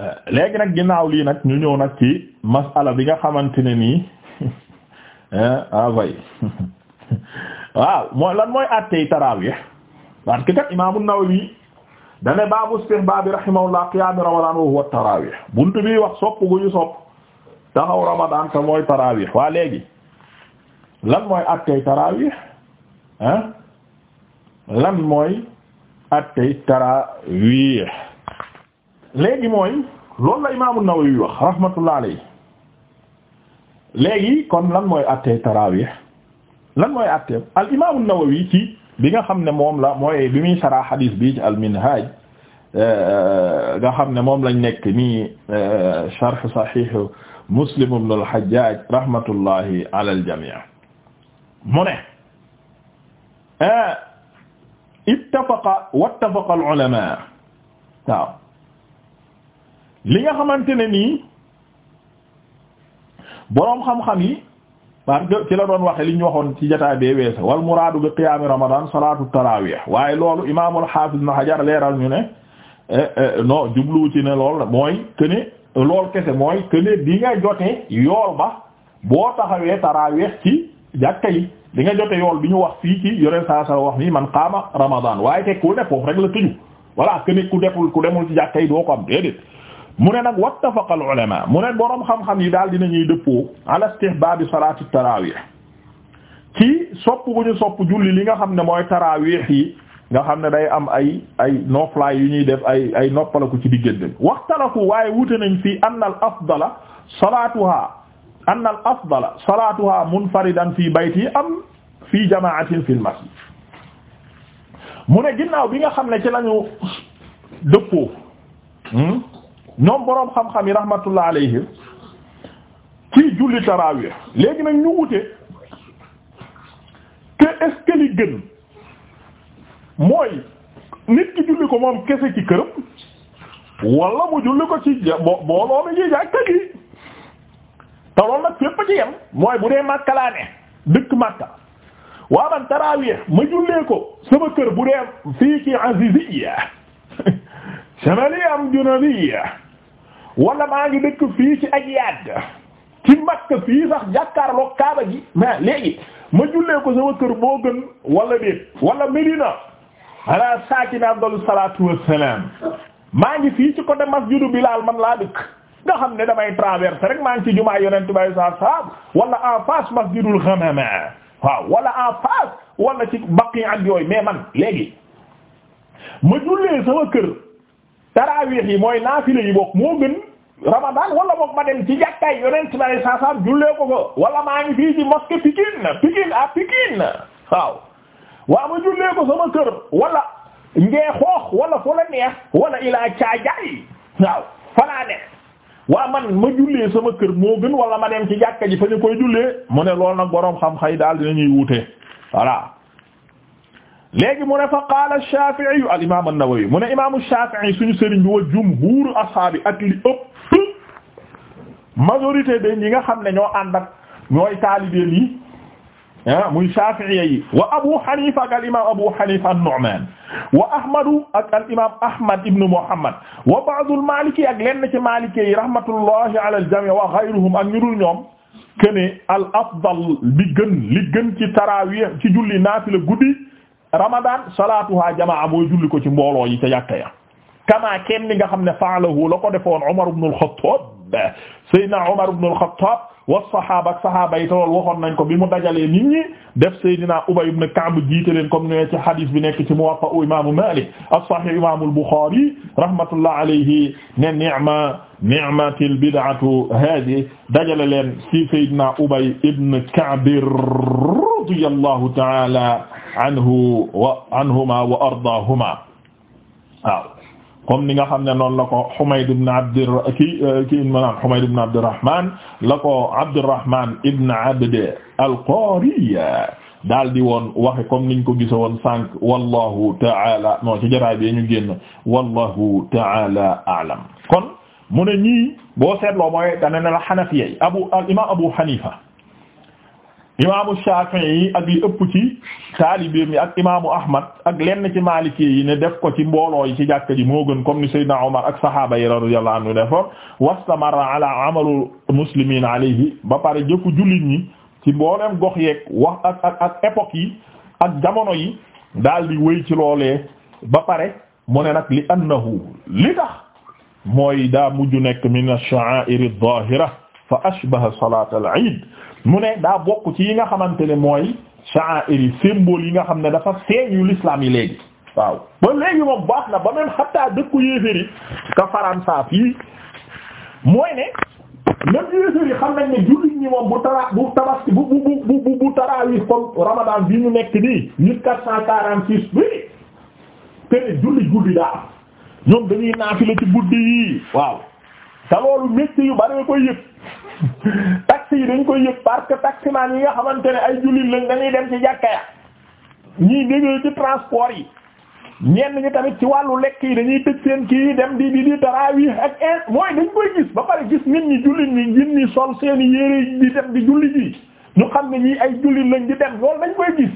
Euh, léegi nag ginnaaw lii nag ñu ñëw nag ci masala bi nga xamante ne nii avay ah, waaw mooy lan mooy àttey tarawih parce que kat imam an-Nawawi dane baabu istihbaabi rahimahullah qiyaami ramadan wa huwa tarawih buntu bi wax sopp gu sopp taxaw ramadan te mooy tarawih waa léegi lan mooy àttey tarawih ah lan mooy àttey tarawih léegi mooy loolu la imaamu Nawawi wax rahmatullah alayhi léegi kon lan mooy attee tarawih lan mooy attee al imaamu Nawawi ci bi nga xam ne moom la mooy bi muy saraa xadiis bi al minhaj euh, nga xam ne moom lañ nekk nii euh, sharh sahih Muslim ibn al Hajjaj rahmatullahi ala al jami' mu ne euh, ittafaqa wattafaqa al ulama li nga xamante ne nii boroom xam-xam yi parce que ci la doon waxe li ñu waxoon ci jotaay bee weesa wal muraadu bi qiyaami ramadan salaatu tarawih waaye loolu imaamul xaafis na xajar leeral ñu ne eh, eh, non jubluwu ci ne lool mooy këne lool kese mooy këne di nga jotee yool ba boo taxawee tarawih ci jàkka yi di nga jote yool bi ñu wax fii ci yoneen saa wax nii man qaama ramadan waaye te ku ne foofu rek la tëju voilà këne ku deful ku demul ci jàkka yi doo ko am mu ne nag wattafaqa al ulama mu ne boroom xam-xam yi daal dinañuy dëppoo ala istihbaabi salaati tarawih ci sopp bu ñu sopp julli li nga xam ne mooy tarawih yi nga xam ne day am ay ay noflaay yu ñuy def ay ay noppalaku ci diggante waxtalaku waaye wute nañ fii anna al afdala salaatuha anna al afdala salaatuha munfaridan fii bayti am fii jamaatin mu ne ginnaaw bi nga xam ne ci lañu dëppoo hmm? ñoom boroom xam-xam yi rahmatullah alayhim julli tarawih léegi nag ñu wute que est mooy nit ki julli ko moom kese ci këram wala mu julli ko ci bo booloo mi ji jàkka ji te nag fépp ci mooy bu dee Makka laa ne dëkk Makka waa man tarawih ma jullee ko sama kër bu dee fii ci Aziziyya shamaliya am Junubiyya wala maa ngi dëkk fii ci ak yadd ci Makka fii sax jàkkaarloo Kaaba gi mais léegi ma jullee ko sama kër moo gën wala déet wala Medina ala saakina afdalu salaatu wassalaam maa ngi fii ci côté masjidu Bilaal man laa dëkk nga xam ne damay traverser rek maa ngi ci jumaa yonent bay saa saab wala en face masjidul Ghamama waaw wala en face wala ci baqi ak yooyu mais man léegi ma jullee sama kër. taraawix yi mooy naafile yi bokk moo gën Ramadan wala boog ma dem ci jàkkaay yonent ba ne saasaam jullee ko ko wala maa ngi fii ci mosquée Pikine Pikine à Pikine waaw waa ma jullee sama kër walla ngee xoox wala fu neex wala ilaa caajaay waaw fanaa ne waa man ma jullee sama kër moo gën wala ma dem ci jàkka ji fa ñu koy jullee mu ne lool nag boroom xam-xay daal ñuy wute voilà léegi mu ne fa qaala Shaafi'i al imaam an-Nawawi mu ne imaamu Shaafi'i suñu sëriñ bi wa jumhuuru ashaabi ak li ëpp majorité de ñi nga xam ne ñoo ànd ak ñooy taalibeen yi ah muy Shaafi'i yi wa Abu Hanifa ak al imaam Abu Hanifa an-Nu'maan wa Ahmadu al imaam Ahmad ibn Muhammad wa ba'du al-Maaliki ak lenn ci Maaliki yi rahmatullahi ala al-jamii' wa ghayruhum ak ñu dul ñoom. kene al afdal bi gën li gën ci taraawih ci julli naafila guddi. ramadan salaatuha jamaa mooy ko ci mbooloo yi ca ya kama kenn mi nga xam ne faalahu la ko defoon Umar ibn al-Khattab Seydina Umar ibn al-Khattab wa sahaaba ak sahaaba yi lool waxoon nañ ko bi mu dajalee nit ñi def Seydina Ubay ibn Ka'b jiite leen comme ne ci hadith bi nekk ci Muwatta imaamu Maalik as-Sahih imaamu al-Bukhari rahmatullah alayhi ne ni'ma ni'matil bid'atu haadi dajale leen ci Seydina Ubay radiyallahu ta'ala anhu wa anhuma wa ardaahuma waaw comme ni nga xam ne noonu la ko Humayd ibn Abdir kii kii maanaam Humayd ibn Abdirrahman la ko Abdirrahman ibn Abd al-Qari daal di woon waxe comme niñ ko gisa woon sànq wallahu ta'ala moo ci jaraay bi ñu génn wallahu ta'ala a'lam kon mu ne ñii boo seetloo mooy dana ne la Hanafiya Abu al-Imam Abu Hanifa imaamu Shafi'i ak li ëpp ci taalibeem yi ak imaamu Ahmad ak lenn ci Maliki yi ne def ko ci mbooloo yi ci jàkka ji moo gën comme ni Seydina Omar ak saxaaba yi radiyallahu anhu defoon wastamarra ala amalu muslimiin alayhi ba pare jëfu jullit ñi ci mbooleem gox yeeg wax ak ak ak époque yi ak jamono yi daal di wéy ci loolee ba pare mu ne nag li annahu li tax mooy daa mujj nekk min ash-sha'a'ir ad-daahira fa ashbaha salaat al-iid mu ne daa bokk ci yi nga xamante ne mooy sha'airi symbole yi nga xam ne dafa feeñ yu l'islam yi léegi waaw ba léegi moom baax na ba même xatta dëkku yéeféri ka faransa fii mooy ne même yéeféri xam nañ ne jullit ñi moom bu tara bu tabaski bu ramadan bi ñu nekk nii mille quatre cent quarante-six bi tene julli guddi daa ñoom dañuy naafila ci guddi yi waaw te loolu métti yu bare koy yëpp taxi yi dañ koy yëg parce que taximaan yi nga xamante ne ay jullit lañ dañuy dem ci jàkka ya ñiy déggee ci transport yi ñenn ñi tamit ci wàllu lekk yi dañuy tëj seen kii dem di di di tarawih ak in mooy dañ koy gis ba pare gis nit ñi jullit ñi nit ñi sol seen yére di dem di jullit yi ñu xam ne ñii ay jullit lañ di dem loolu dañ koy gis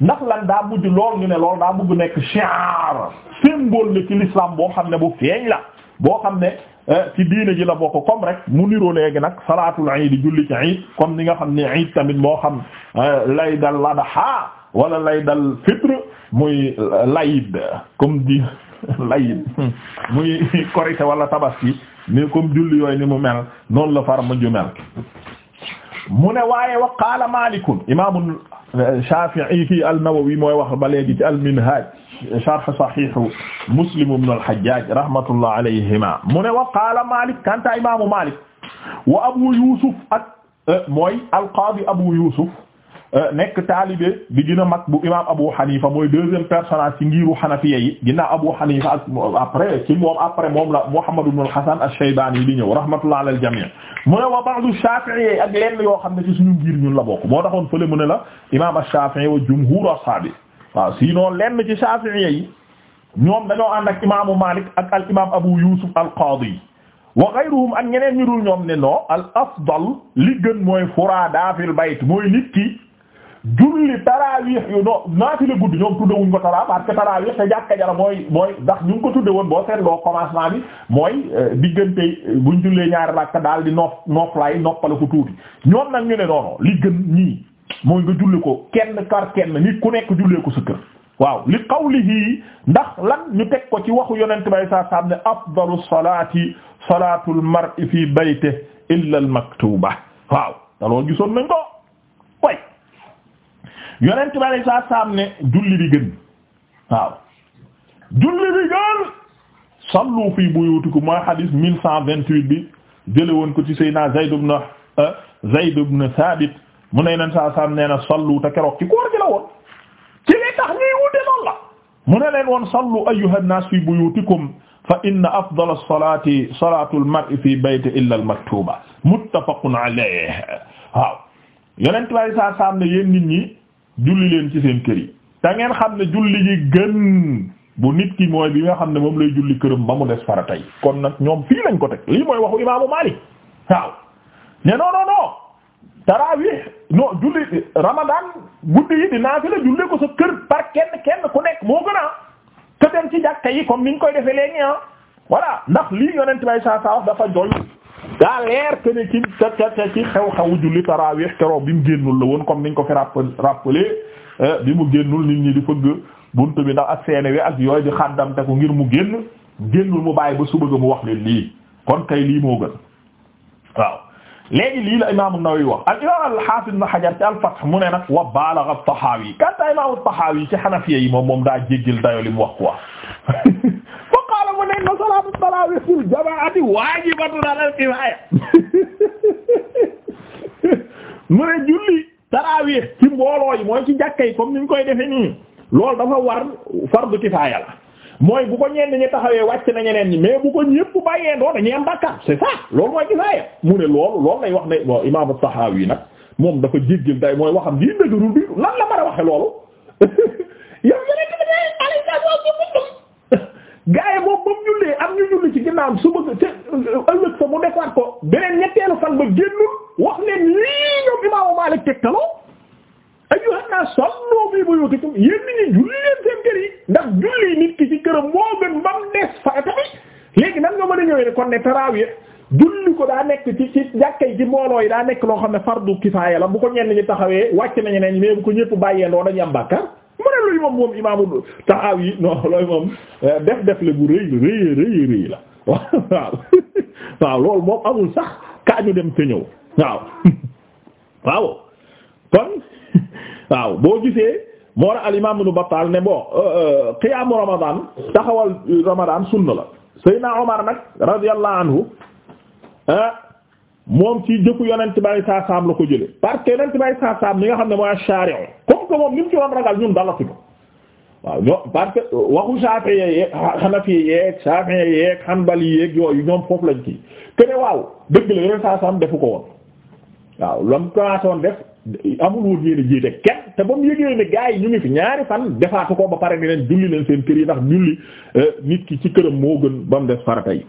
ndax lan daa mujj lool ñu ne lool daa bëgg nekk shiar symbole la ci l'islam boo xam ne bu feeñ la. boo xam ne eh, ci diine ji la bokk comme rek mu niroo léegi nag salaatul di julli ci iid comme ni nga xam ne iid tamit moo xam eh, lay dal ladha wala lay dal fitr muy layid comme di layid muy korite tabax tabaski ni comme julli yooyu ni mu mel noonu la far mujju mel mu ne waaye wa qaala malikun imaamu Shaafi'i fi an-Nawawi mooy wax ba léegi ci al-Minhaaj sharh Sahih Muslim ibn al-Hajjaj rahmatullah alayhima mu ne wa qaala Malik kanta imaamu Malik wa Abu Yusuf ak eh, mooy al-Qaadi Abu Yusuf Euh, nekk taalibe bi gën a mag bu imaam Abu Hanifa mooy deuxième personnage ci ngiru Hanafiya yi ginnaaw Abu Hanifa ak après ci moom après moom la Muhammad ibn al-Hasan ash-Shaybani di ñëw rahmatullah ala al-jami' mu ne wa ba'du Shafi'i ak lenn yoo xam ne ci suñu ngir ñun la bokk moo taxoon fële mu ne la imaam ash-Shafi'i wa jumhur ashaabi waaw sinon lenn ci Shafi'i yi ñoom dañoo ànd ak imaamu ak al imaam Abu Yusuf al-Qadi wa ghayruhum ak ñeneen ñu dul al afdal li gën mooy furaada fil bayt mooy nit julli taraawih yu no naafila guddi ñoom tuddewuñ ko taraa parce te jàkka jara mooy mooy ndax ñu ngi ko tudde woon boo seetloo commencement bi mooy euh, diggante euh, buñ jullee ñaari rakka daal di noof nooflaay noppale ko tuuti ñoom nag ñu ne noono li gën ñii mooy nga julli ko kenn kar kenn nit ku nekk jullee ko sa kër waaw li qawlihi ndax lan ñu teg ko ci waxu yonent bay saa saam ne afdalu salaati salaatul mar'i fi baytihi illa al maktuba waaw te loolu gisoon nañ ko yonent bi alayhi salaatu salaam ne julli bi gën waaw julli bi gën sallu fi buyutikum mooy hadis mille cent vingt-huit bi jële woon ko ci Seydina Zayd ibn euh, Zayd ibn Thabit mu ne leen saa saam nee na sallu te keroog ci koor gi la woon ci li tax ñuy wute noonu la mu ne leen woon sallu ayyuha an-naas fi buyutikum fa inna afdala as-salaati salaatu al-mar'i fi bayti illa al-maktuba muttafaqun alayhi waaw yonent bi alayhi salaatu salaam ne yéen nit ñi julli leen ci seen kër yi da xam ne julli gi gën bu nit ki mooy bi nga xam ne moom lay julli këram ba mu des fara tey kon nag ñoom fii lañ ko teg lii mooy waxu imaamu Maalik waaw ne non non non tarawih non julli ramadan guddi yi di naafila julli ko sa kër par kenn kenn ku nekk moo gën a te dem ci jàkka yi comme niñ koy defee léegi ah voilà ndax lii yonent bay saa saa wax dafa jooy daa leer que ne ci xew-xewu julli tarawih keroog bi mu génnul la woon comme niñ ko fi rappelé euh, bi mu génnul nit ñi di fëgg buntu bi ndax ak seeni wi ak yooyu di xàddamte ko ngir mu génn génnul mu bàyyi ba suba mu wax leen lii kon kay lii moo gën waaw léegi lii la imaamu Nawawi wax al imaam al Haafiz Ibn Hajar ci al Fath mu ne nag wa balagha Tahawi kanta imaamu Tahawi ci Hanafiya yi moom moom daa jéggil dayo li mu wax quoi na salaatu taraawih jamaati waajibatun ala kifaaya mu ne julli taraawih ci mbooloo yi mooy ci jàkka yi comme ni ñu koy defe nii loolu dafa war fardu kifaaya la mooy bu ko ñenn ñi taxawee wàcc na ñeneen ñi mais bu ko ñépp bàyyee doo dañuy am bàkkaar c'est ça loolu mooy kifaaya mu ne loolu loolu lay wax ne bon imaamu Taxaawi nag moom dafa jéggal day mooy waxam di dëgërul bi lan la mën a waxe loolu yow yeneen gaa yi boobu ba mu jullee am ñu julli ci ginnaawam su bëgg te euh, ëllëg fa mu defaat ko beneen ñetteelu fan ba génnul wax leen lii ñoom imaamu Maalik tegtaloo ayyuha nnaas sallu fii buyuutikum yéen nit ñi julli leen seen kër yi ndax julli nit ki ci këram moo gën ba mu des farata bi léegi nag nga mën a ñëwee ne kon ne taraawiya julli ko daa nekk ci ci jàkka yi ci mbooloo yi daa nekk loo xam ne fardu kifaaya la bu ko ñenn ñi taxawee wàcc nañu ne mais bu ko bàyyee loo dañu am mu ne luy moom moom imaamu Tahawi non looy moom euh, def def la bu rëy rëy rëy rëy la waaw waaw loolu moom amul sax kaa dem te waaw waaw kon waaw boo gisee moo ra al imaam Ibn ne bon euh, euh, qiyaamu Ramadan taxawal Ramadan sunna la Seydina Omar nag radiyallahu anhu ah, moom ci jëfu yonent bay saasaam la ko jële parce que yonent bay saasaam mi nga xam ne mooy shari'u comme que moom ni mu ci waaw ñoo parce que euh, waxu Shafi'i yeeg Hanafi yeeg Shafi'i yeeg Hanbali ñoom foofu lañ ci kene waaw dëgg la yonent defu ko waaw lam commencé woon def amul woon te ba mu yëgee ne yi ñu ngi ñaari fan defaatu ko ba pare ni leen julli leen seen kër yi ndax julli euh, nit ki ci këram moo gën ba mu des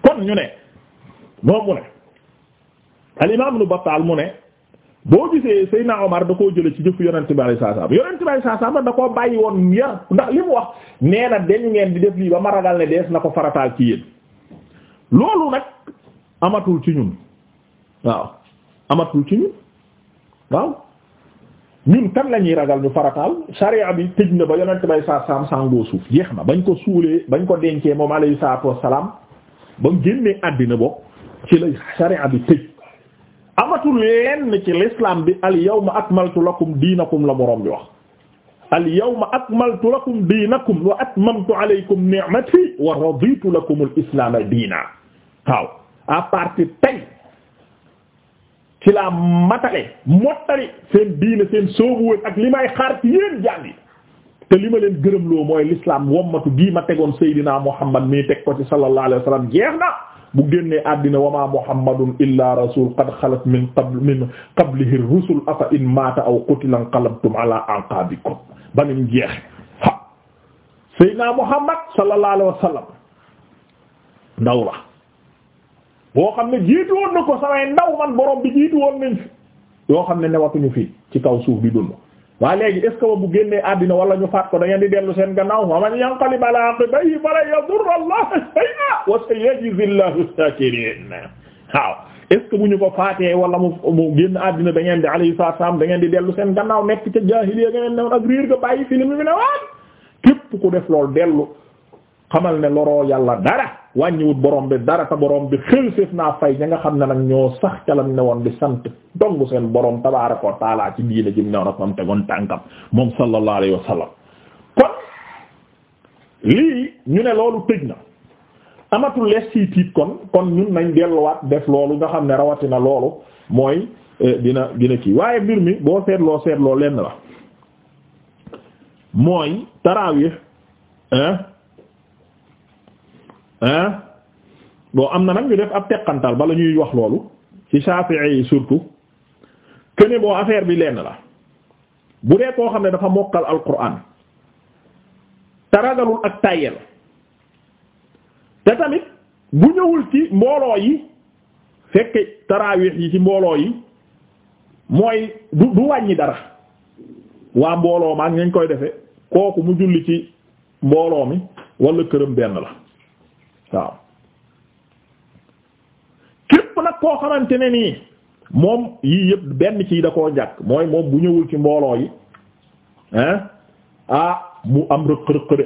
kon ñu ne moom mu ne al imaam Ibn Battal mu ne boo gisee Seydina Omar da koo jële ci jëfu yonent bi alayhi salaam yonent bi alayhi salaam da koo bàyyi woon yar ndax li mu wax nee na ngeen di def lii ba ma ragal ne dees na ko farataal ci yéen loolu nag amatul ci ñun waaw ci ñun waaw ñun kan la ragal ñu farataal sariya bi tëj na ba yonent bi alayhi salaam suuf jeex na bañ ko suulee bañ ko dencee moom alayhi salaatu wa salaam ba mu génnee àddina bo ci la sariya bi tëj. amatul lenn ci l'islam bi al yawma akmaltu lakum diinakum la borom bi wax al yawma akmaltu lakum diinakum wa atmamtu alaykum ni'mati wa raditu lakum al islaama diina waaw à partir tey ci la matale mottali seen diine seen soobuwén ak li may xaar ci yéen jàngi te li ma leen gërëmloo mooy l'islam wommatu gii ma tegoon Seydina Muhammad mii teg ko ci sallallahu alayhi wa sallam jeex na bu génnee àddina wa ma muhammadun illa rasul qad xalat min qabl min qablihi rusul afa in mata aw qutila inqalabtum ala anqabikum banim jeex ha sayyidina muhammad sallallahu alayhi wa sallam boo xam ne jiitu woon na ko samay ndaw man borom bi jiitu woon nañ fi yoo xam ne newatuñu fii ci kaw suuf bi dund waa léegi est ce que bu génnee àddina wala ñu faat ko da di dellu seen gannaaw wa man yanqalib ala aqibayhi fala yadurra Allah shay'a wa sayajzi Allahu shakirin waaw est bu ñu ko faatee wala mu mu génn àddina da ngeen di alayhi salaam da ngeen di dellu seen gannaaw nekk ca jaahiliya ngeen ne woon ak riir ga bàyyi film bi ne waat képp ku def loolu dellu xamal ne loroo yàlla dara wàññiwut borom bi dara te borom bi xël séef naa fay ña nga xam ne nag ñoo sax ca ne woon di sant dong seen boroom tabaaraka wa taala ci diina jëm ne woon ak moom tegoon ñu ne loolu tëj na amatul lees ci tiit kon kon ñun nañ delluwaat nga xam ne rawatina loolu mooy eh, dina dina kii waaye mbir mi boo seetloo seetloo lenn la mooy taraawih ah bon am na nag ñu def ab teqantal bala ñuy wax loolu ci Shafi'i yi surtout que ne boo affaire bi lenn la bu dee koo xam ne dafa mokkal Alquran te ragalul ak tayel te tamit bu ñëwul ci mbooloo yi fekk taraawix yi ci mbooloo yi mooy du du wàññi dara waa mbooloo ma ak nañ koy defe kooku mu julli ci mbooloo mi walla këram benn la waaw képp nag koo xamante nii moom yii yëpp benn ci da koo njàkk mooy moom bu ñëwul ci mbooloo yi hein ah mu am rëq-rëq de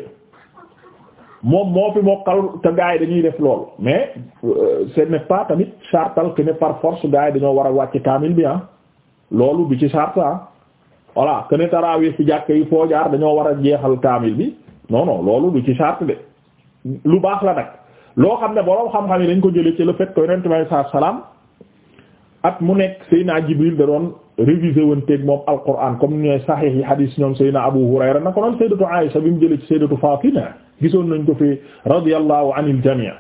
moom moo fi mokkal te gars dañuy def loolu mais euh, ce n'est pas tamit chartal que ne par force gars dañoo war a wàcc kaamil bi ah loolu bi ci charte ah voilà que ne ci jàkk yi foo jaar dañoo war a jeexal kaamil bi non non loolu du ci charte de lu baax la nag loo xam ne boroom xam-xam yi dañ ko jëlee ci la fait que yonent bi saa salaam at mu nekk Seyna Jibril da doon révisé wanteeg moom Alquran comme ni ñooy saxiix yi hadis ñoom Seyna Abu Hurayra na ko noon Sayyidatu Aisha bi mu jëlee ci Sayyidatu gisoon nañ ko fi radiyallahu anil jamii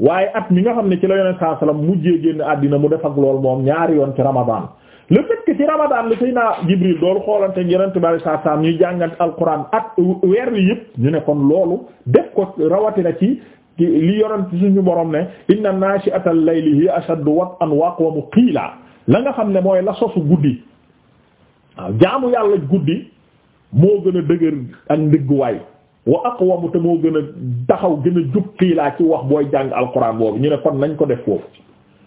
waaye at mi nga xam ne ci la yonent saa salaam mujjee génn àddina mu def ak lool moom ñaari yoon ci Ramadan. le fait que ci Ramadan la Seyna Jibril doolu xoolante yonent bi saa salaam ñuy jàngat Alquran at weer wi yëpp ñu ne kon loolu def ko rawatina ci. li yorante suñu borom ne inna naashi'atal layli hiya ashaddu wat'an wa wamu qiila la nga xam ne mooy la sosu guddi waaw jaamu yàlla guddi moo gën a dëgër ak ndëgguwaay wa aqwamu te moo gën a taxaw gën a jub qiilaa ci wax booy jàng alquran boobu ñu ne kon nañ ko def foofu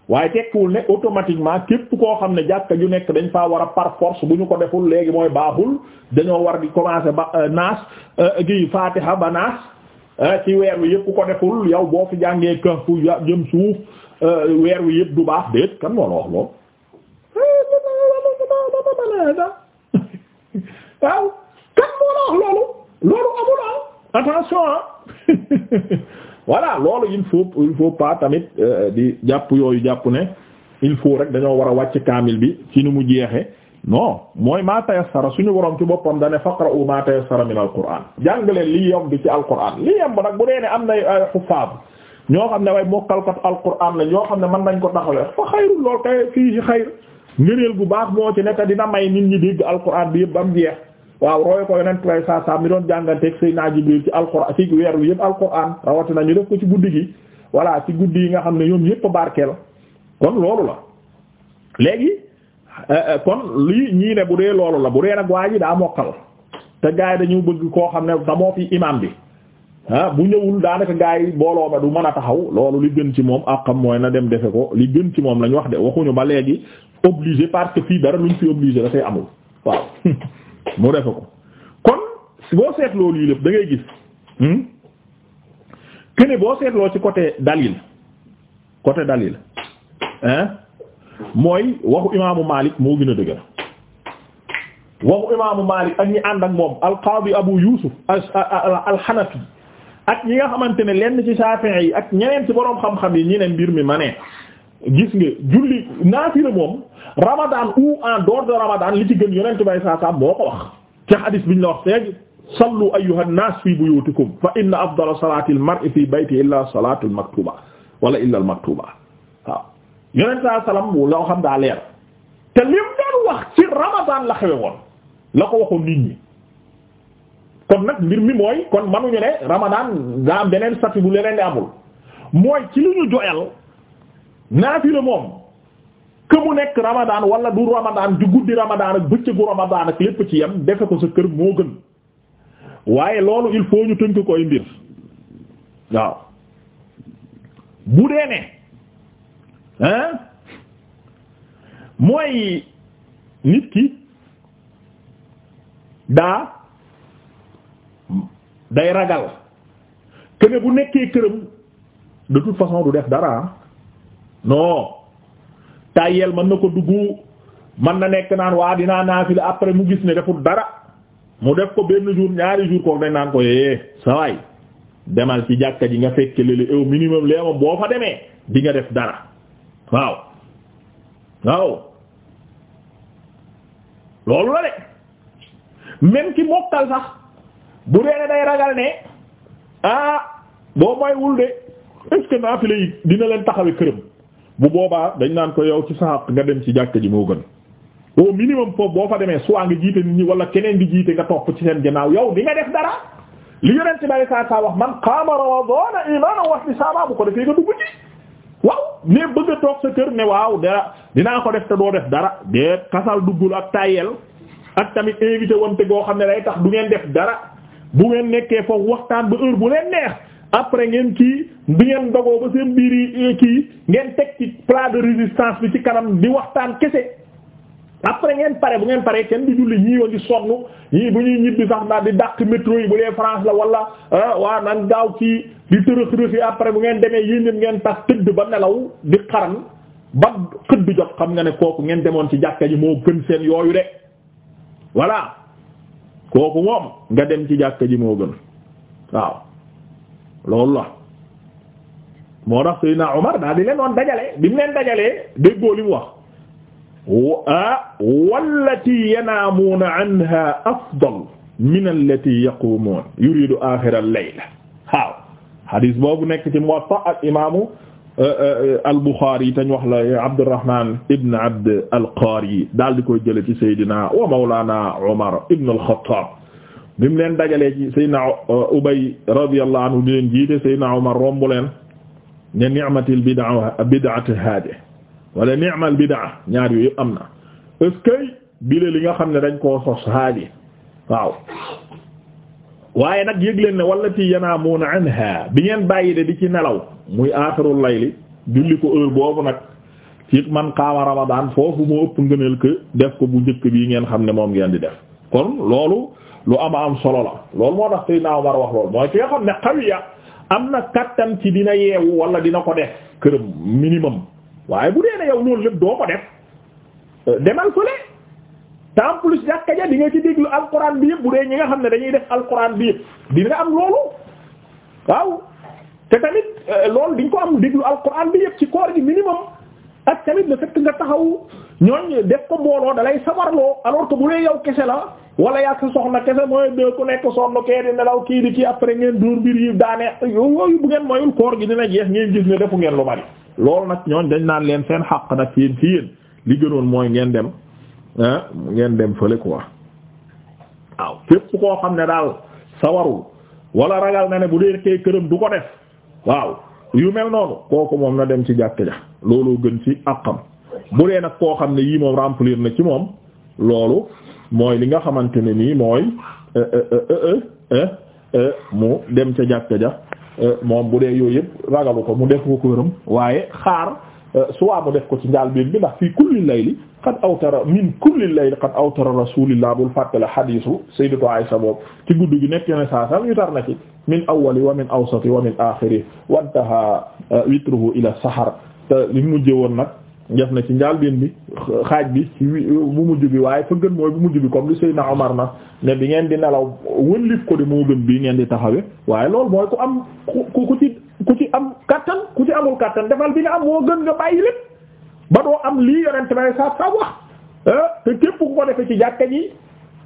waaye tekkiwul ne automatiquement képp koo xam ne jàkka ju nekk dañ fa war a par force bu ñu ko deful léegi mooy baaxul dañoo war di commencer ba euh, naas euh, gi fatiha ba naas ci weer wi yëpp ku ko deful yow boo fi jàngee kër fu jëm suuf euh, weer wi yëpp du baax déet kan moo la wax loolu loolu amul ah. attention ah voilà loolu il faut il faut tamit euh, di jàpp yooyu jàpp ne il faut rek dañoo war a wàcc kaamil bi ci ni mu jeexe non mooy maa tayassara suñu woroom ci boppam da ne faqra'u maa tayassara min alquran jàng leen li yomb ci alquran li yomb nag bu dee ne am na ay ñoo xam ne way mokkalkat alquran la ñoo xam ne mën nañ ko taxalee fa xayrul lool kay fii ci xayr ngëneel gu baax moo ci nekk dina may nit ñi dégg alquran bi yëpp ba mu jeex waaw roy ko yonent way saa saa mi doon jànganteeg Seydina Jibril ci alquran ci weer bi yëpp alquran rawatina ñu def ko ci guddi gi voilà ci guddi yi nga xam ne ñoom yëpp barkeel kon loolu la Eh, eh, kon lii ñii ne bu dee loolu la bu dee nag waa ji daa mokkal te gaay dañu bëgg koo xam ne te moo fi imam bi ah, bu ñëwul daanaka gaay yi booloo ba du mën a taxaw loolu li gën ci moom akam mooy na dem defe ko li gën ci moom lañ wax de waxuñu ba léegi obligé parce que fii dara luñ fi obligé dafay amul waaw mu defe ko kon boo seetloo lii lépp da ngay gis hmm, kene boo seetloo ci côté dalil côté dalil hein mooy waxu imaamu Malik moo gën a dëgër waxu imaamu Malik ak ñi ànd moom al-Qadi Abu Yusuf al-Hanafi ak ñi nga xamante ne lenn ci Shafi'i yi ak ñeneen ci boroom xam-xam yi ñi ne mbir mi ma ne nga julli naafila moom Ramadan ou en dehors de Ramadan li ci gën yonent bay saa saa ko wax ci hadis biñ la wax feeg sallu ayyuha an-nas fi buyutikum fa inna afdala salati al-mar'i fi bayti illa salatu al wala illa al-maktuba yonent saa salaam loo xam daa leer te lim doon wax ci ramadan la xewe woon la ko waxoon nit ñi kon nag mbir mi mooy kon manuñu ne ramadan daa am beneen statut bu leneen di amul mooy ci li ñu joyal naafila moom que mu nekk ramadan wala du ramadan di guddi ramadan ak bëccëgu ramadan ak lépp ci yem defe ko sa kër moo gën waaye loolu il faut ñu tënk koy mbir waaw bu dee ne hein mooy nit ki daa day ragal këne bu nekkee këram de toute façon du def dara non tàyyeel mën na ko duggu man na nekk naan waa dinaa naafila après mu gis ne deful dara mu def ko benn jour ñaari jour kook dañ naan ko yee eh, sawaay demal ci jàkka ji nga fekk lële au minimum lee boo fa demee di nga def dara waaw waaw loolu la de même ki mokkal sax bu dee day ragal ne ah boo moywul de est-ce que naafile yi dina leen taxawe këram bu boobaa dañ naan ko yow ci saxaq nga dem ci jàkka ji moo gën au minimum foofu boo fa demee soit nga jiite nit ñi wala keneen di jiite nga topp ci seen ginnaaw yow di nga def dara li yonent bi sallallahu alayhi wa wax man qaama ramadaana iimaanan wa ihtisaaban bu ko defee nga dugg ci waaw mais bëgg a toog sa kër ne waaw dara dinaa ko defte doo def dara de kasal duggul ak tayel ak tamit invité wante goo xam ne day tax du ngeen def dara bu ngeen nekkee foofu waxtaan ba heure bu leen neex après ngeen kii di ngeen dogoo ba seen biir yi kii ngeen teg ci plat de résistance bi ci kanam di waxtaan kese après ngeen pare bu ngeen pare kenn du julli ñii wa ngi sonn ñii bu ñuy ñibbi sax ndax di dàq métro yi bu dee France la wala ah, waa nan gaaw kii di tërëx yi après bu ngeen demee yéen ngeen tax tëdd ba nelaw di xaran ba xëdd jot xam nga ne kooku ngeen demoon ci jàkka ji moo gën seen yooyu de voilà kooku moom nga dem ci jàkka ji moo gën waaw loolu la moo tax naa Omar daal di leen woon dajale bi mu leen dajalee déggoo li wax. wallati yanaamuuna anha afdal min allati yaqumuun yuridu axira al-layl waaw hadis boobu nekk ci Muwatta ak imaamu e, e, al-Bukhari tañ wax la Abdurrahman ibn Abd al-Qari daal di koy jële ci Seydina wa Mawlana Umar ibn al-Khattab bi mu leen dajalee ci Seydina e, Ubay radiyallahu anhu di leen jiite Seydina Umar romb leen ne ni'matil bid'a bid'atu haadihi wala ni'mal bidaa ñaar yooyu am na est-ce bile li nga xam ne dañ koo sos haaji waaw waaye nag yëg leen ne wallati yanaamuuna anha bi ngeen bàyyi de di ci nelaw muy aaxirul layli julli ko heure boobu nag ci man qaama ramadaan foofu moo ëpp ngëneel que def ko bu njëkk bii ngeen xam ne moom ngeen di def kon loolu lu ama am solo la loolu moo tax Seydina Omar wax loolu mooy ki nga xam ne xawiya am na kattan ci dina yeewu wala dina ko def këram minimum waaye bu dee ne yow loolu lépp doo ko def euh, demal fële te en plus jàkka ja di nga ci déglu alquran bi yëpp bu dee ñi nga xam ne dañuy def alquran bi yëpp di am loolu waaw te tamit euh, loolu di ko am déglu alquran bi yëpp ci koor gi minimum ak tamit le fait nga taxaw ñooñ def ko mbooloo dalay sawarloo alors que bu dee yow kese la wala yaa sa soxna kese mooy de ku nekk sonn kee di nelaw kii di kii après ngeen dóor mbir yi daane yooyu bu ngeen moyul koor gi jeex ngeen defu ngeen lu bari loolu nag ñooñ dañ naan leen seen xaq nag fii ci yéen li gënoon mooy ngeen dem ngeen dem fële waaw képp koo xam ne daal sawarul walla ragal na ne bu dee kay këram du ko def waaw yu mel noonu kooku moom na dem ci jàkk ja looloo gën ci àqam bu dee nag koo xam ne yii moom remplir na ci moom loolu mooy li nga xamante ne nii mooy euh, euh, euh, mu dem ca jàkk ja Euh, moom bu dee yooyu yëpp ragalu ko mu def ko këram waaye xaar euh, suwaa mu def ko ci njaal biir bi ndax fii kulli layli qad awtara min kulli layli qad awtara rasulillah bul fàttale xadiisu sayyidatu Aisha boobu ci guddi gi nekk na saa sam witar na ci min awwali wa min awsati wa min axiri wantaha euh, witruhu ila sahar te li mujje woon nag def na ci njaal biir bi xaaj bi ci bu mujj bi waaye fa gën mooy bu mujj bi comme li Seydina Omar na ne bi ngeen di nelaw wëllif ko di moo gën bii ngeen di taxawe waaye loolu mooy ku am ku ku ci ku ci am kattan ku ci amul kattan defal bi nga am moo gën nga bàyyi lépp ba doo am lii yorente may sa sa wax eh, te képp ku ko defe ci jàkka ji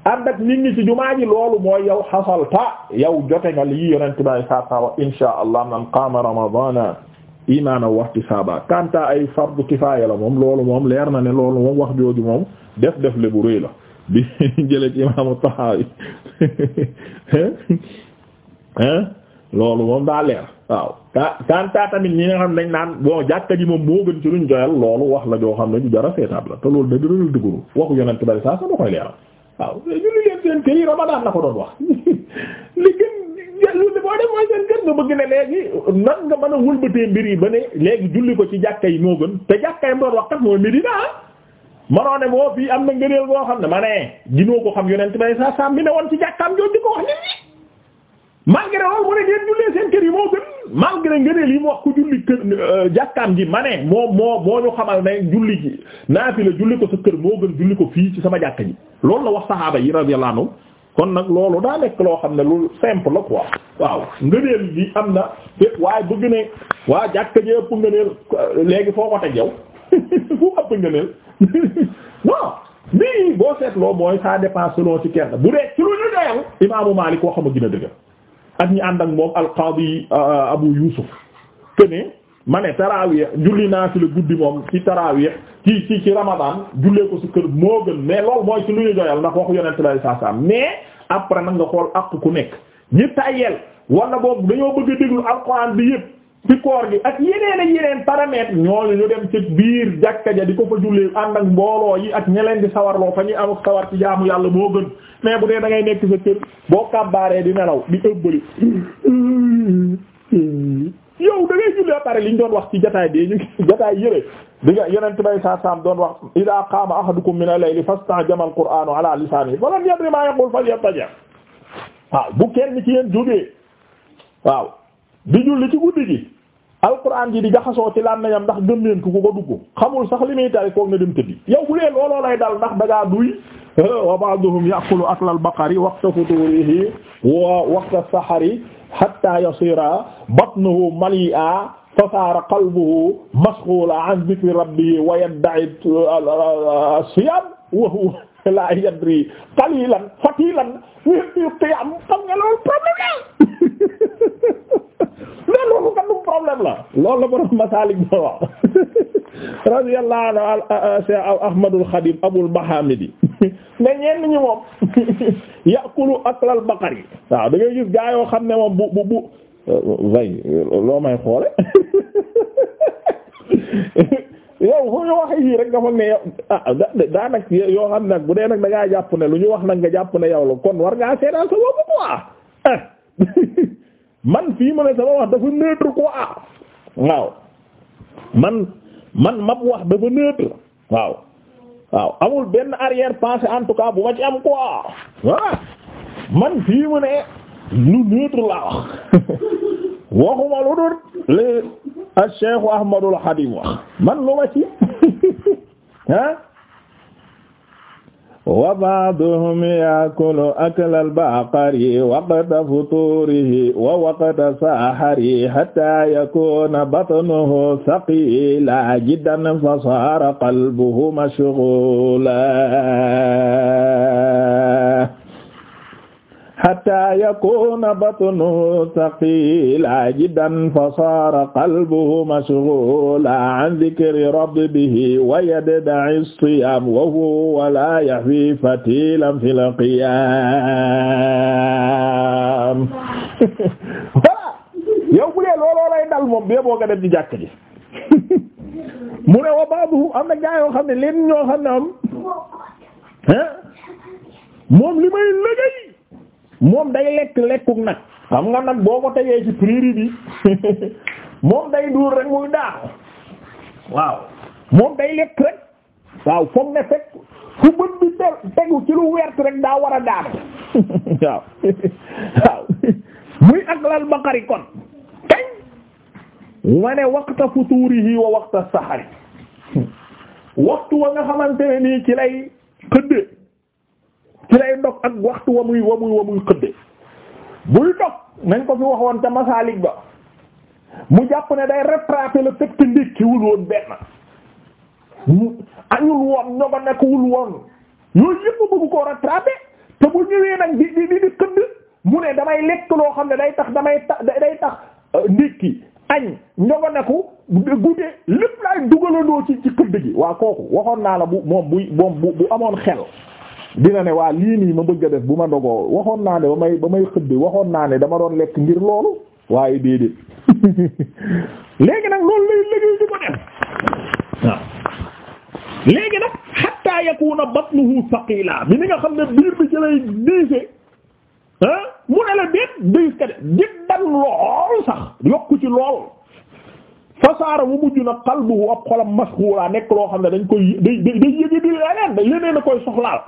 ànd ak nit ñi ci jumaa ji loolu mooy yow xasalta yow jote nga lii yorente may sa wax insha allah man qaama ramadana imaana ci saaba kanta ay fardu kifaaya la moom loolu moom leer na ne loolu moom wax jooju moom def def le bu rëy la bi jële ci imaamu Tahawi loolu moom daa leer waaw ka kanta tamit ñi nga xam ne dañ naan boo jàkka ji moom moo gën ci luñ joyal loolu wax la joo xam ne ju jara seetaat la te loolu da dëral dëgguru waxu yonent bari saa sa da koy leeral waaw julli leen seen kër yi Ramadan la ko doon wax li gën julli boo mooy seen kër nga bëgg ne léegi nan nga mën a wëlbatee mbir yi ba ne léegi julli ko ci jàkka yi moo gën te jàkka doon wax kat mooy Medina ah. manoo ne fii am na ngëneel boo xam ne ma ne ginoo ko xam yonent bay sa sam bi ne woon ci jàkkaam jooju di ko wax nit ñi malgré loolu mu ne ngeen jullee seen kër yi moo gën malgré ngëneel yi mu wax ku julli kër euh, jàkkaam ji ma ne moo moo moo ñu xamal ne julli ji naafila julli ko sa kër moo gën julli ko fii ci sama jàkka ji loolu la wax saxaaba yi radiyallahu kon nag loolu daa nekk loo xam ne lu simple la quoi waaw ngëneel bi am na fépp waaye bëgg waa jàkka léegi foo ko teg fu ëpp ngëneel non nii boo seetloo mooy ça dépend selon ci kenn bu dee ci lu ñu doyal imaamu Maalik koo a gën a dëgër ak ñi ànd ak moom alqaadi Abu Yusuf kene ma ne tarawih julli naa fi la guddi moom ci tarawih ci ci ci ramadan jullee ko si kër moo gën mais loolu mooy ci lu ñu doyal ndax waxu yonent bi saa mais après nag nga xool ak ku nekk ñi tayel wala boobu dañoo bëgg a déglu alxuraan bi yëpp ci koor gi ak yeneen ak yeneen paramètres ñooñu ñu dem ci biir jàkka ja di ko fa jullee ànd ak mbooloo yi ak ñeleen di sawarloo fa ñuy am ak sawar ci jaamu yàlla moo gën mais bu dee da ngay nekk sa kër boo kàbbaaree di nelaw di ëbbali yow da ngay jullee pare li doon wax ci jotaay bi ñu jotaay yële di nga yonent bay saa doon wax ida qaama ahadukum min al-layli fastajama al-qur'anu ala lisanihi falan yadri ma yaqul falyatajam waaw bu kenn ci yeen jógee waaw di julli ci gi alquran ji di jaxasoo ci laan nañam ndax gëm leen ku ko dugg xamul sax li muy tari koog na dem tëddi yow bu dee looloo lay dal ndax dagaa duy wa ba'duhum ya'kulu akla al-baqari waqta futurihi wa waqta as-sahari hatta yasira batnuhu mali'a fasaara qalbuhu mashghula an dhikri rabbihi wa yadda'i as-siyam wa huwa la yadri qalilan fatilan wa qiyam xam nga loolu problème mais loolu kat du problème la loolu la borom Masalik ba wax radiyallahu anhu Cheikh Ahmadul Khadim Abul Mahamidi ne ñenn ñi moom yàqulu aklal baqari waaw da ngay gis gaa yoo xam ne moom bu bu bu way euh, loo may xoole yow foo ñu waxee yii rek nga foog ne yow ah daa nag yoo xam nag bu dee nag da ngaa jàpp ne lu ñu wax nag nga jàpp ne yow la kon war ngaa seetaan sa bopp quoi man fii ma ne sama wax dafa neutre quoi waaw man man mab wax dafa neutre waaw waaw amul benn arrière pensée en tout cas bu ma ci am quoi voilà man fii mu ne lu neutre laa wax waxuma lu dul li al Cheikh Ahmadul Xadim wax man lu ma ci ah wa ba'duhum ya'kulu aklal baqari waqta futurihi wa waqta sahari hatta yakuna batnuhu thaqila jiddan fa sara qalbuhu mashghula hatta yakuna batnu thaqila jiddan fa sara qalbuhu mashghula an dhikri rabbihi wa yadda'i as-siyam wa huwa la yahwi fatilan fil qiyam voilà yow bu dee looloo lay dal moom bee boo ko dem ci jàkk ji mu ne wa baabu am na gaa yoo xam ne leen ñoo xam ne am moom li may liggéey moom day lekk lekkuk nag xam nga nag boo ko tegee ci prairie bi moom day duur rek muy daanu waaw moom day lekk rek waaw foog ne fekk fu bët bi tegu ci lu wert rek daa war a daanu waaw waaw muy ak lal baqari kon kañ wane waxta futurihi wa waxta saxari waxtu wa nga xamante ne nii ci lay xëddee ci lay ndog ak waxtu wa muy wa muy wa muy xëdde buy ndog nañ ko fi waxoon ca masaalik ba mu jàpp ne day rattraper le fait que ndékkiwul woon benn añul woon ñoba nekkwul woon yooyu yëpp bëgg koo rattraper te bu ñëwee nag di di di xëdd mu ne damay lekk loo xam ne day tax damay tax day tax euh, ndékki añ ñoba nekku guddee lépp laay dugalandoo ci ci xëdd gi waa kooku waxoon naa la bu moom bu bu amoon xel dina ne waa lii nii ma bëgg a def bu ma dogoo waxoon naa ne ba may ba may xëdd waxoon naa ne dama doon lekk ngir loolu waaye déedéet léegi nag loolu lay liggéey di ko def waaw léegi xam ne bi ci lay diise ah mu ne la déet diis ka de jiddan lool sax yokku ci lool fasaara mu mujj na qalbuhu ab xolam mashghula nekk loo xam ne dañ koy day day yëge di leneen da koy soxlaal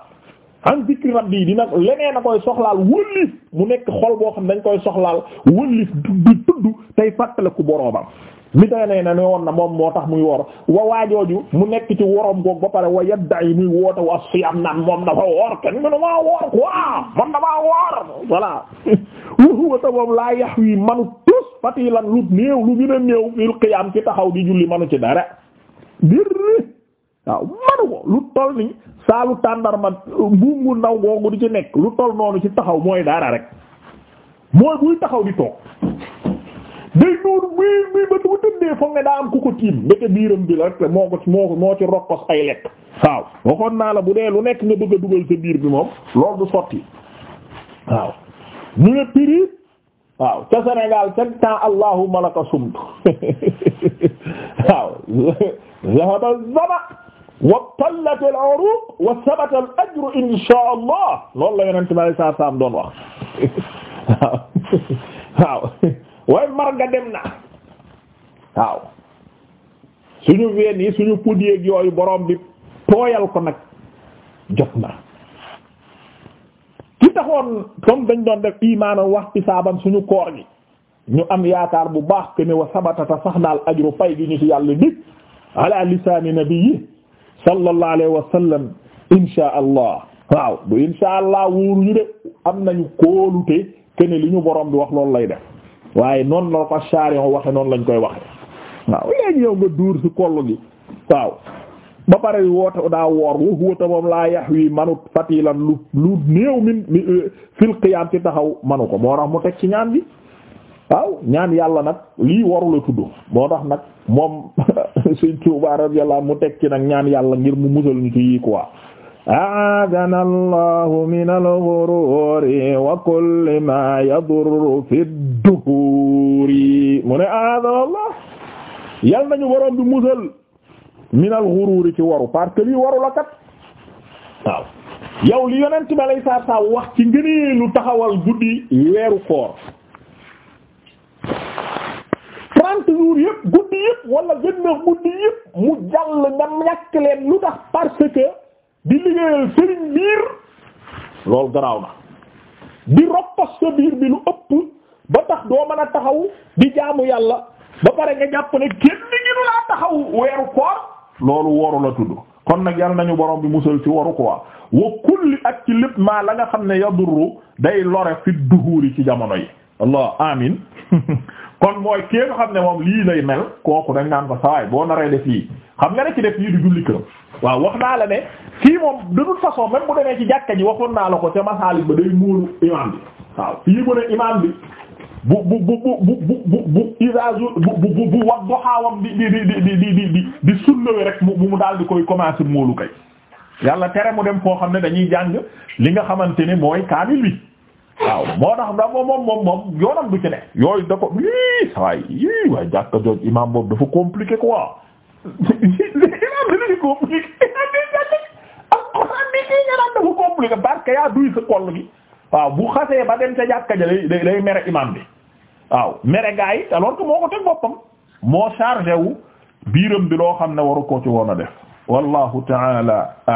an zikri rabbi dina leneen a koy soxlaal wëllif mu nekk xol boo xam dañ koy soxlaal wëllif di tudd tey fàttaliku boroomam mi da nee na ne woon na moom moo tax muy wor waa waajooju mu nekk ci worom goog ba pare wa yadda yi muy woote moom dafa woor kenn mënu maa woor quoi man damaa woor voilà wahuwa ta moom laa yax wi manu tus fatilan lu néew lu gën a néew fil qiyam ci taxaw di julli manu ci dara bir waaw manu ko lu toll nii saa lu tàndarma mbuum ngu ndaw googu di ci nekk lu toll noonu ci taxaw mooy daara rek mooy buy taxaw di toog day nuur mii mii ba bu tëddee foog ne daa am ku ko tiim mbete biiram bi la rek moo ko moo moo ci rokkos ay lekk waaw waxoon naa la bu dee lu nekk nga bëgg a dugal sa biir bi moom loolu du sotti waaw ñu ne piri waaw ca Sénégal ca temps allahumma laka sumtu waaw zahaba wa tallat al uruq wa sabata al ajru inshaa allah loolu la yonente mi alayhi salaatu saam doon wax waaw waaw waaye mar dem na waaw suñu ween yi suñu pudyeeg yooyu borom bi tooyal ko nag jot na ki taxoon comme dañ doon def imaana wax ci saaban suñu koor gi ñu am yaakaar bu baax que ne wa sabatata sax naal ajru pay gi ñu ci yàlla dig ala lisaani nabiyyi sallallahu alayhi wa sallam insha allah waaw bu insha allah wóoru ñu de am nañu kóolute kene li ñu borom bi wax loolu lay def waaye noonu la ko charion waxe noonu lañ koy waxe waaw léegi yow nga duur ci koll gi waaw ba pare woote daa woor wu wóota moom laa yax wi manut fatilan lu lu néew min euh, fil qiyaam ci taxaw manu ko moo tax mu teg ci ñaan bi waaw ñaan yàlla nag lii warula tudd moo tax nag moom Sëriñ Tuubaa radiyallahu mu teg ci nag ñaan yàlla ngir mu musal ñu ci yii aadana allahu min alxururi wa kulli ma yadurru fi duhuri mu ne aadana allah yal nañu borom bi musal min alxururi ci waru parce que lii waru la kat waaw yow li yonent bi lay saa wax ci ngëneelu taxawal guddi weeru koor trente jours yëpp guddi yëpp wala guddi yëpp mu jàll nga ñàkk leen lu tax parce que di liggéeyal sëriñ biir loolu garaaw na di roppas sa biir bi lu ëpp ba tax doo mën a taxaw di jaamu yàlla ba pare nga jàpp ne kenn gi nu laa taxaw weeru koor loolu woru la tudd kon nag yàlla nañu borom bi musal ci waru quoi wa kulli ak ci lépp maa la nga xam ne yadurru day lore fi duhuri ci jamono yi allah amin kon mooy kii nga xam ne moom lii lay mel kooku dañ naan ko sawaay boo naree def yii xam nga ne ci def yii du julli këram waaw wax naa la ne fii moom de toute façon même bu demee ci jàkka ji waxoon naa la ko ca masaalik ba day muuru imaam bi waaw fii mu ne imaam bi bu bu bu bu bu bu bu bu bu bu bu wax doxaawam di di di di di di di di sunnawe rek mu mu daal di koy commencer muulu kay yàlla tere mu dem foo xam ne dañuy jàng li nga xamante ni mooy kaamil waaw moo tax da moom moom moom yoonam du ci ne yooyu da ko yii jàkka jooj imam boobu dafa compliqué quoi waaw bu xasee ba dem ca jàkka ja lay mere imam bi waaw mere gaa yi alors que moo ko teg boppam moo chargé biiram bi loo xam ne waru ko ci woon def wallahu ta'ala